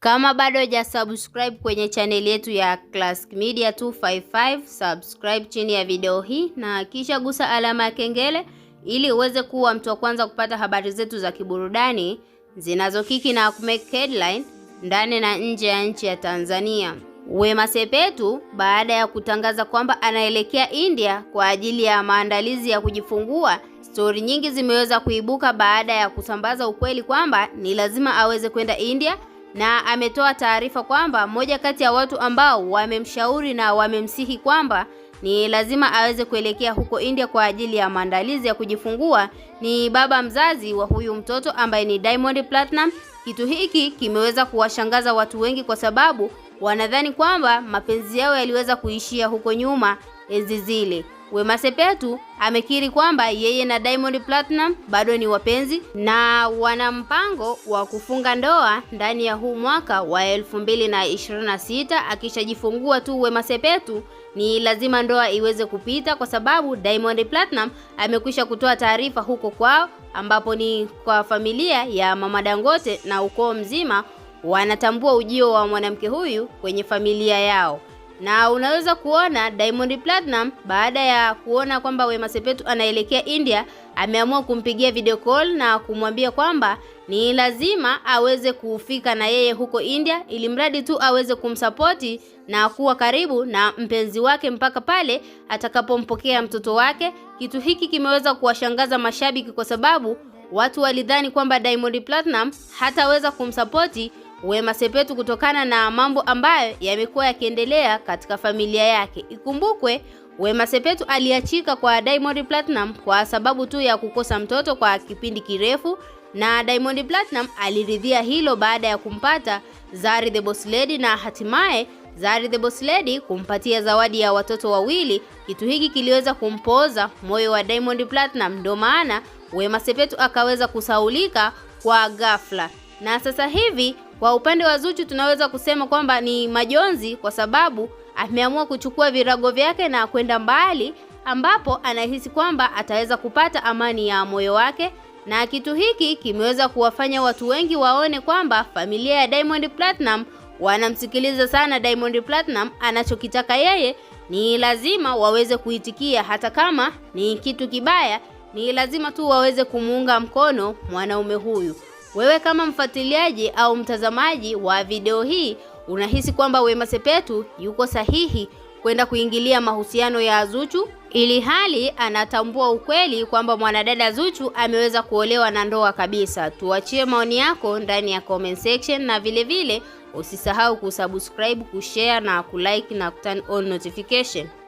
Kama bado huja subscribe kwenye chaneli yetu ya Classic Media 255, subscribe chini ya video hii na kisha gusa alama ya kengele ili uweze kuwa mtu wa kwanza kupata habari zetu za kiburudani zinazokiki na kumake headline ndani na nje ya nchi ya Tanzania. Wema Sepetu baada ya kutangaza kwamba anaelekea India kwa ajili ya maandalizi ya kujifungua, stori nyingi zimeweza kuibuka baada ya kusambaza ukweli kwamba ni lazima aweze kwenda India na ametoa taarifa kwamba mmoja kati ya watu ambao wamemshauri na wamemsihi kwamba ni lazima aweze kuelekea huko India kwa ajili ya maandalizi ya kujifungua ni baba mzazi wa huyu mtoto ambaye ni Diamond Platinum. Kitu hiki kimeweza kuwashangaza watu wengi kwa sababu wanadhani kwamba mapenzi yao yaliweza kuishia huko nyuma enzi zile. Wema Sepetu amekiri kwamba yeye na Diamond Platinum bado ni wapenzi na wana mpango wa kufunga ndoa ndani ya huu mwaka wa 2026. Akishajifungua tu Wema Sepetu ni lazima ndoa iweze kupita, kwa sababu Diamond Platinum amekwisha kutoa taarifa huko kwao, ambapo ni kwa familia ya Mama Dangote na ukoo mzima wanatambua ujio wa mwanamke huyu kwenye familia yao na unaweza kuona Diamond Platinum baada ya kuona kwamba Wema Sepetu anaelekea India ameamua kumpigia video call na kumwambia kwamba ni lazima aweze kufika na yeye huko India ili mradi tu aweze kumsapoti na kuwa karibu na mpenzi wake mpaka pale atakapompokea mtoto wake. Kitu hiki kimeweza kuwashangaza mashabiki kwa sababu watu walidhani kwamba Diamond Platinum hataweza kumsapoti Wema Sepetu kutokana na mambo ambayo yamekuwa yakiendelea katika familia yake. Ikumbukwe Wema Sepetu aliachika kwa Diamond Platinum kwa sababu tu ya kukosa mtoto kwa kipindi kirefu na Diamond Platinum aliridhia hilo baada ya kumpata Zari the Boss Lady na hatimaye Zari the Boss Lady kumpatia zawadi ya watoto wawili. Kitu hiki kiliweza kumpoza moyo wa Diamond Platinum, ndio maana Wema Sepetu akaweza kusaulika kwa ghafla, na sasa hivi kwa upande wa Zuchu tunaweza kusema kwamba ni majonzi kwa sababu ameamua kuchukua virago vyake na kwenda mbali ambapo anahisi kwamba ataweza kupata amani ya moyo wake na kitu hiki kimeweza kuwafanya watu wengi waone kwamba familia ya Diamond Platinum wanamsikiliza sana Diamond Platinum. Anachokitaka yeye ni lazima waweze kuitikia, hata kama ni kitu kibaya, ni lazima tu waweze kumuunga mkono mwanaume huyu. Wewe kama mfuatiliaji au mtazamaji wa video hii unahisi kwamba Wema Sepetu yuko sahihi kwenda kuingilia mahusiano ya Zuchu ili hali anatambua ukweli kwamba mwanadada Zuchu ameweza kuolewa na ndoa kabisa. Tuachie maoni yako ndani ya comment section, na vile vile usisahau kusubscribe, kushare na kulike na turn on notification.